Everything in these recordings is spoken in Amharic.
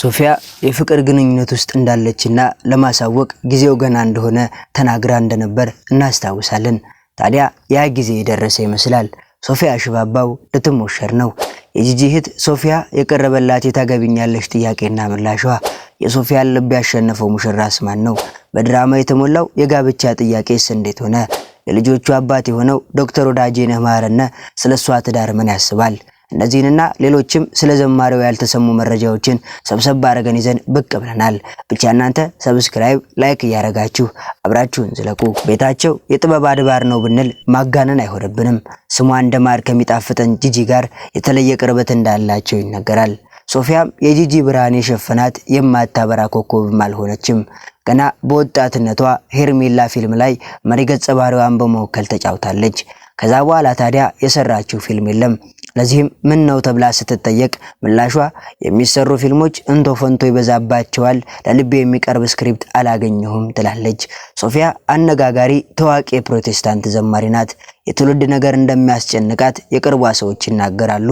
ሶፊያ የፍቅር ግንኙነት ውስጥ እንዳለችና ለማሳወቅ ጊዜው ገና እንደሆነ ተናግራ እንደነበር እናስታውሳለን። ታዲያ ያ ጊዜ የደረሰ ይመስላል። ሶፊያ ሽባባው ልትሞሸር ነው። የጂጂ እህት ሶፊያ የቀረበላት የታገቢኛለሽ ጥያቄና ምላሿ የሶፊያን ልብ ያሸነፈው ሙሽራስ ማን ነው? በድራማ የተሞላው የጋብቻ ጥያቄስ እንዴት ሆነ? የልጆቹ አባት የሆነው ዶክተር ወዳጄ ነህ ማረነ ስለ እሷ ትዳር ምን ያስባል? እነዚህንና ሌሎችም ስለ ዘማሪው ያልተሰሙ መረጃዎችን ሰብሰብ አድርገን ይዘን ብቅ ብለናል። ብቻ እናንተ ሰብስክራይብ፣ ላይክ እያደረጋችሁ አብራችሁን ዝለቁ። ቤታቸው የጥበብ አድባር ነው ብንል ማጋነን አይሆንብንም። ስሟ እንደ ማር ከሚጣፍጠን ጂጂ ጋር የተለየ ቅርበት እንዳላቸው ይነገራል። ሶፊያም የጂጂ ብርሃን የሸፈናት የማታበራ ኮከብም አልሆነችም። ገና በወጣትነቷ ሄርሜላ ፊልም ላይ መሪ ገጸ ባህሪዋን በመወከል ተጫውታለች። ከዛ በኋላ ታዲያ የሰራችው ፊልም የለም። ለዚህም ምን ነው ተብላ ስትጠየቅ ምላሿ የሚሰሩ ፊልሞች እንቶ ፈንቶ ይበዛባቸዋል፣ ለልቤ የሚቀርብ ስክሪፕት አላገኘሁም ትላለች። ሶፊያ አነጋጋሪ ታዋቂ የፕሮቴስታንት ዘማሪ ናት። የትውልድ ነገር እንደሚያስጨንቃት የቅርቧ ሰዎች ይናገራሉ።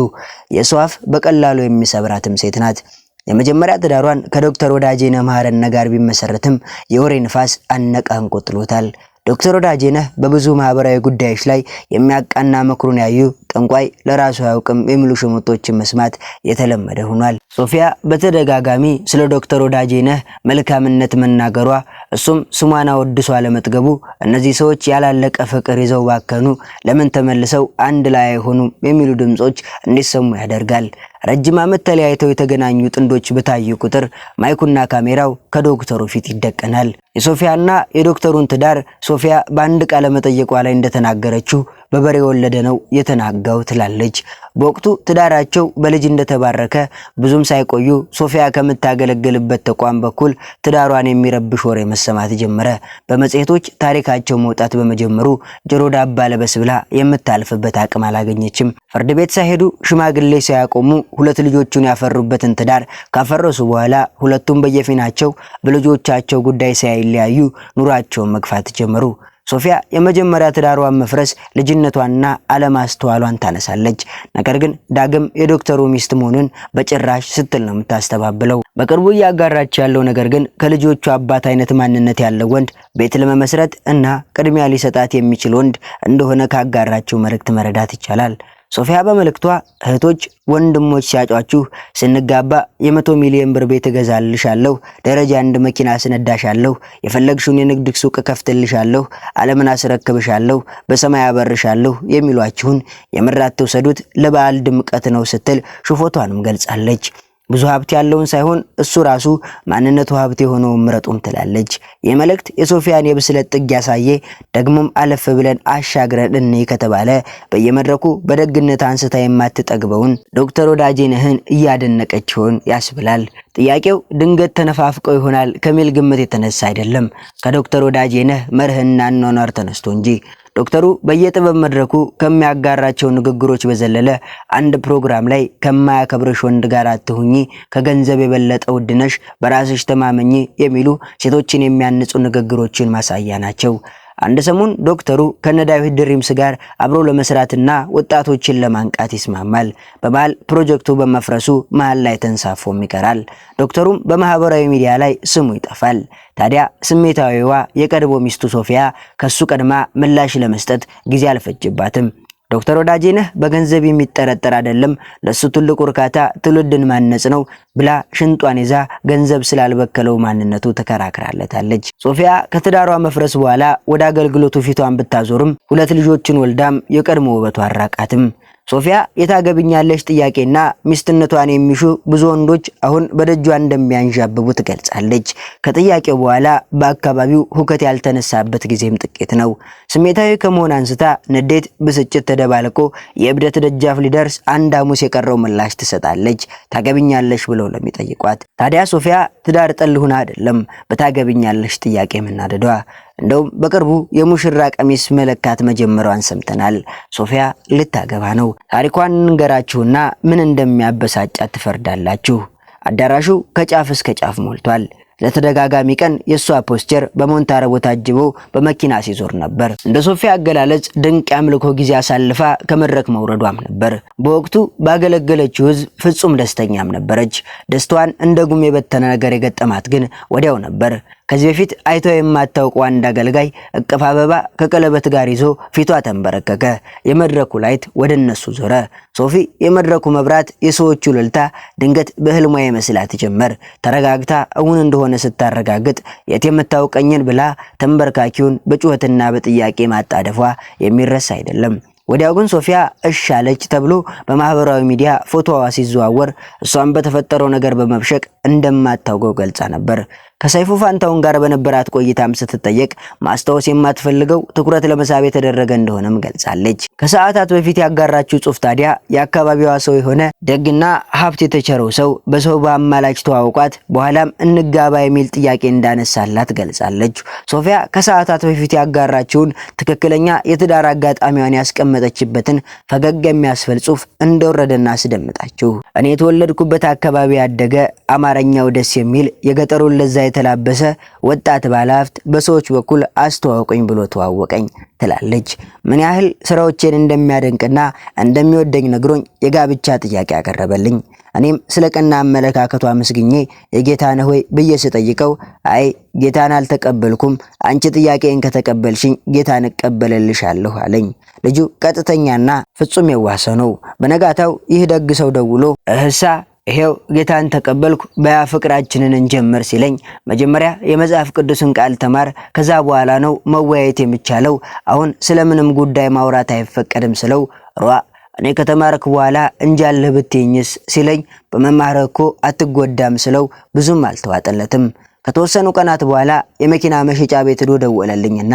የሰው አፍ በቀላሉ የሚሰብራትም ሴት ናት። የመጀመሪያ ትዳሯን ከዶክተር ወዳጄ መሐረነ ጋር ቢመሰረትም የወሬ ንፋስ አነቃንቆ ጥሎታል። ዶክተር ወዳጄነህ በብዙ ማህበራዊ ጉዳዮች ላይ የሚያቃና ምክሩን ያዩ ጠንቋይ ለራሱ አያውቅም የሚሉ ሽሙጦችን መስማት የተለመደ ሆኗል። ሶፊያ በተደጋጋሚ ስለ ዶክተር ወዳጄ ነህ መልካምነት መናገሯ፣ እሱም ስሟን አወድሶ አለመጥገቡ እነዚህ ሰዎች ያላለቀ ፍቅር ይዘው ባከኑ፣ ለምን ተመልሰው አንድ ላይ አይሆኑም የሚሉ ድምጾች እንዲሰሙ ያደርጋል። ረጅም ዓመት ተለያይተው የተገናኙ ጥንዶች በታዩ ቁጥር ማይኩና ካሜራው ከዶክተሩ ፊት ይደቀናል። የሶፊያና የዶክተሩን ትዳር ሶፊያ በአንድ ቃለ መጠየቋ ላይ እንደተናገረችው በበሬ ወለደ ነው የተናጋው ትላለች። በወቅቱ ትዳራቸው በልጅ እንደተባረከ ብዙም ሳይቆዩ ሶፊያ ከምታገለግልበት ተቋም በኩል ትዳሯን የሚረብሽ ወሬ መሰማት ጀመረ። በመጽሔቶች ታሪካቸው መውጣት በመጀመሩ ጆሮ ዳባ ለበስ ብላ የምታልፍበት አቅም አላገኘችም። ፍርድ ቤት ሳይሄዱ ሽማግሌ ሳያቆሙ ሁለት ልጆቹን ያፈሩበትን ትዳር ካፈረሱ በኋላ ሁለቱም በየፊናቸው በልጆቻቸው ጉዳይ ሳይለያዩ ኑሯቸውን መግፋት ጀመሩ። ሶፊያ የመጀመሪያ ትዳሯን መፍረስ ልጅነቷንና አለማስተዋሏን ታነሳለች። ነገር ግን ዳግም የዶክተሩ ሚስት መሆኑን በጭራሽ ስትል ነው የምታስተባብለው። በቅርቡ እያጋራች ያለው ነገር ግን ከልጆቹ አባት አይነት ማንነት ያለው ወንድ ቤት ለመመስረት እና ቅድሚያ ሊሰጣት የሚችል ወንድ እንደሆነ ካጋራችው መልእክት መረዳት ይቻላል። ሶፊያ በመልእክቷ እህቶች፣ ወንድሞች ሲያጯችሁ ስንጋባ የመቶ ሚሊዮን ብር ቤት እገዛልሻለሁ፣ ደረጃ አንድ መኪና አስነዳሻለሁ፣ የፈለግሽውን የንግድ ሱቅ ከፍትልሻለሁ፣ ዓለምን አስረክብሻለሁ፣ በሰማይ አበርሻለሁ የሚሏችሁን የምራት ትውሰዱት ለበዓል ድምቀት ነው ስትል ሹፎቷንም ገልጻለች። ብዙ ሀብት ያለውን ሳይሆን እሱ ራሱ ማንነቱ ሀብት የሆነውን ምረጡም ትላለች። ይህ መልእክት የሶፊያን የብስለት ጥግ ያሳየ፣ ደግሞም አለፍ ብለን አሻግረን እኔ ከተባለ በየመድረኩ በደግነት አንስታ የማትጠግበውን ዶክተር ወዳጄነህን እያደነቀች ይሆን ያስብላል። ጥያቄው ድንገት ተነፋፍቀው ይሆናል ከሚል ግምት የተነሳ አይደለም፣ ከዶክተር ወዳጄነህ መርህና አኗኗር ተነስቶ እንጂ ዶክተሩ በየጥበብ መድረኩ ከሚያጋራቸው ንግግሮች በዘለለ አንድ ፕሮግራም ላይ ከማያከብርሽ ወንድ ጋር አትሁኚ፣ ከገንዘብ የበለጠ ውድነሽ፣ በራስሽ ተማመኚ የሚሉ ሴቶችን የሚያንጹ ንግግሮችን ማሳያ ናቸው። አንድ ሰሞን ዶክተሩ ከነዳዊት ድሪምስ ጋር አብሮ ለመስራትና ወጣቶችን ለማንቃት ይስማማል። በመሃል ፕሮጀክቱ በመፍረሱ መሃል ላይ ተንሳፎም ይቀራል። ዶክተሩም በማህበራዊ ሚዲያ ላይ ስሙ ይጠፋል። ታዲያ ስሜታዊዋ የቀድሞ ሚስቱ ሶፊያ ከሱ ቀድማ ምላሽ ለመስጠት ጊዜ አልፈጅባትም። ዶክተር ወዳጄነህ በገንዘብ የሚጠረጠር አይደለም፣ ለሱ ትልቁ እርካታ ትውልድን ማነጽ ነው ብላ ሽንጧን ይዛ ገንዘብ ስላልበከለው ማንነቱ ተከራክራለታለች። ሶፊያ ከትዳሯ መፍረስ በኋላ ወደ አገልግሎቱ ፊቷን ብታዞርም ሁለት ልጆችን ወልዳም የቀድሞ ውበቷ አራቃትም። ሶፊያ የታገብኛለች ጥያቄና ሚስትነቷን የሚሹ ብዙ ወንዶች አሁን በደጇ እንደሚያንዣብቡ ትገልጻለች። ከጥያቄው በኋላ በአካባቢው ሁከት ያልተነሳበት ጊዜም ጥቂት ነው። ስሜታዊ ከመሆን አንስታ ንዴት፣ ብስጭት ተደባልቆ የእብደት ደጃፍ ሊደርስ አንድ ሐሙስ የቀረው ምላሽ ትሰጣለች። ታገብኛለሽ ብለው ለሚጠይቋት ታዲያ ሶፊያ ትዳር ጠልሁን አይደለም በታገብኛለሽ ጥያቄ መናደዷ እንደውም በቅርቡ የሙሽራ ቀሚስ መለካት መጀመሯን ሰምተናል። ሶፊያ ልታገባ ነው። ታሪኳን እንገራችሁና ምን እንደሚያበሳጫት ትፈርዳላችሁ። አዳራሹ ከጫፍ እስከ ጫፍ ሞልቷል። ለተደጋጋሚ ቀን የእሷ ፖስቸር በሞንታረቦ ታጅቦ በመኪና ሲዞር ነበር። እንደ ሶፊያ አገላለጽ ድንቅ የአምልኮ ጊዜ አሳልፋ ከመድረክ መውረዷም ነበር። በወቅቱ ባገለገለችው ሕዝብ ፍጹም ደስተኛም ነበረች። ደስታዋን እንደ ጉም የበተነ ነገር የገጠማት ግን ወዲያው ነበር። ከዚህ በፊት አይቶ የማታውቅ አንድ አገልጋይ እቅፍ አበባ ከቀለበት ጋር ይዞ ፊቷ ተንበረከከ። የመድረኩ ላይት ወደ እነሱ ዞረ። ሶፊ የመድረኩ መብራት፣ የሰዎቹ ልልታ ድንገት በህልሟ የመስላት ጀመር። ተረጋግታ እውን እንደሆነ ስታረጋግጥ የት የምታውቀኝን ብላ ተንበርካኪውን በጩኸትና በጥያቄ ማጣደፏ የሚረሳ አይደለም። ወዲያው ግን ሶፊያ እሺ አለች ተብሎ በማህበራዊ ሚዲያ ፎቶዋ ሲዘዋወር እሷን በተፈጠረው ነገር በመብሸቅ እንደማታውቀው ገልጻ ነበር። ከሰይፉ ፋንታውን ጋር በነበራት ቆይታም ስትጠየቅ ማስታወስ የማትፈልገው ትኩረት ለመሳብ የተደረገ እንደሆነም ገልጻለች። ከሰዓታት በፊት ያጋራችው ጽፍ ታዲያ የአካባቢዋ ሰው የሆነ ደግና ሀብት የተቸረው ሰው በሰው በአማላች ተዋውቋት በኋላም እንጋባ የሚል ጥያቄ እንዳነሳላት ገልጻለች። ሶፊያ ከሰዓታት በፊት ያጋራችውን ትክክለኛ የትዳር አጋጣሚዋን ያስቀመጠችበትን ፈገግ የሚያስፈል ጽሑፍ እንደወረደና አስደምጣችሁ እኔ የተወለድኩበት አካባቢ ያደገ አማርኛው ደስ የሚል የገጠሩን ለዛ የተላበሰ ወጣት ባለሀብት በሰዎች በኩል አስተዋውቀኝ ብሎ ተዋወቀኝ ትላለች። ምን ያህል ስራዎቼን እንደሚያደንቅና እንደሚወደኝ ነግሮኝ የጋብቻ ጥያቄ አቀረበልኝ። እኔም ስለ ቀና አመለካከቱ አመስግኜ የጌታነህ ወይ ብዬ ስጠይቀው አይ ጌታን አልተቀበልኩም፣ አንቺ ጥያቄን ከተቀበልሽኝ ጌታን እቀበለልሻለሁ አለኝ። ልጁ ቀጥተኛና ፍጹም የዋሰ ነው። በነጋታው ይህ ደግ ሰው ደውሎ እህሳ ይሄው ጌታን ተቀበልኩ በያ ፍቅራችንን እንጀምር ሲለኝ መጀመሪያ የመጽሐፍ ቅዱስን ቃል ተማር፣ ከዛ በኋላ ነው መወያየት የሚቻለው። አሁን ስለምንም ጉዳይ ማውራት አይፈቀድም ስለው ሯ እኔ ከተማርክ በኋላ እንጃለ ብትኝስ ሲለኝ በመማርህ እኮ አትጎዳም ስለው ብዙም አልተዋጠለትም። ከተወሰኑ ቀናት በኋላ የመኪና መሸጫ ቤት ሄዶ ደወለልኝና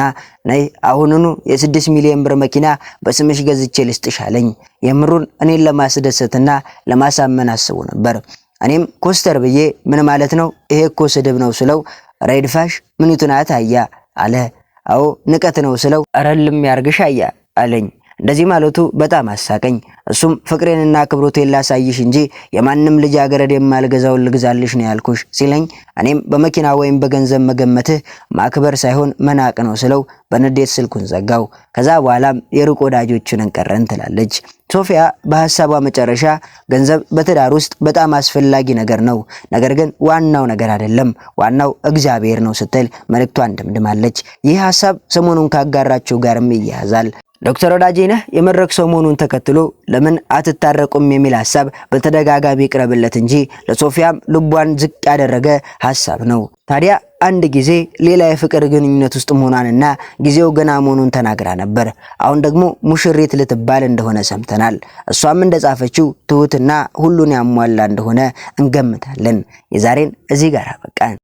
ነይ አሁኑኑ የስድስት ሚሊዮን ብር መኪና በስምሽ ገዝቼ ልስጥሻለኝ። የምሩን እኔን ለማስደሰትና ለማሳመን አስቡ ነበር። እኔም ኮስተር ብዬ ምን ማለት ነው ይሄ እኮ ስድብ ነው ስለው ረይድፋሽ ምኒቱን አታያ አለ። አዎ ንቀት ነው ስለው ረልም ያርግሽ አያ አለኝ። እንደዚህ ማለቱ በጣም አሳቀኝ። እሱም ፍቅሬንና ክብሮቴን ላሳይሽ እንጂ የማንም ልጃገረድ የማልገዛውን ልግዛልሽ ነው ያልኩሽ ሲለኝ እኔም በመኪና ወይም በገንዘብ መገመትህ ማክበር ሳይሆን መናቅ ነው ስለው በንዴት ስልኩን ዘጋው። ከዛ በኋላም የሩቅ ወዳጆችን እንቀረን ትላለች ሶፊያ። በሀሳቧ መጨረሻ ገንዘብ በትዳር ውስጥ በጣም አስፈላጊ ነገር ነው፣ ነገር ግን ዋናው ነገር አይደለም፣ ዋናው እግዚአብሔር ነው ስትል መልእክቷን ደምድማለች። ይህ ሀሳብ ሰሞኑን ካጋራችው ጋርም ይያያዛል። ዶክተር ወዳጄነህ የመድረክ ሰው መሆኑን ተከትሎ ለምን አትታረቁም የሚል ሀሳብ በተደጋጋሚ ይቅረብለት እንጂ ለሶፊያም ልቧን ዝቅ ያደረገ ሀሳብ ነው። ታዲያ አንድ ጊዜ ሌላ የፍቅር ግንኙነት ውስጥ መሆኗንና ጊዜው ገና መሆኑን ተናግራ ነበር። አሁን ደግሞ ሙሽሪት ልትባል እንደሆነ ሰምተናል። እሷም እንደጻፈችው ትሁትና ሁሉን ያሟላ እንደሆነ እንገምታለን። የዛሬን እዚህ ጋር አበቃን።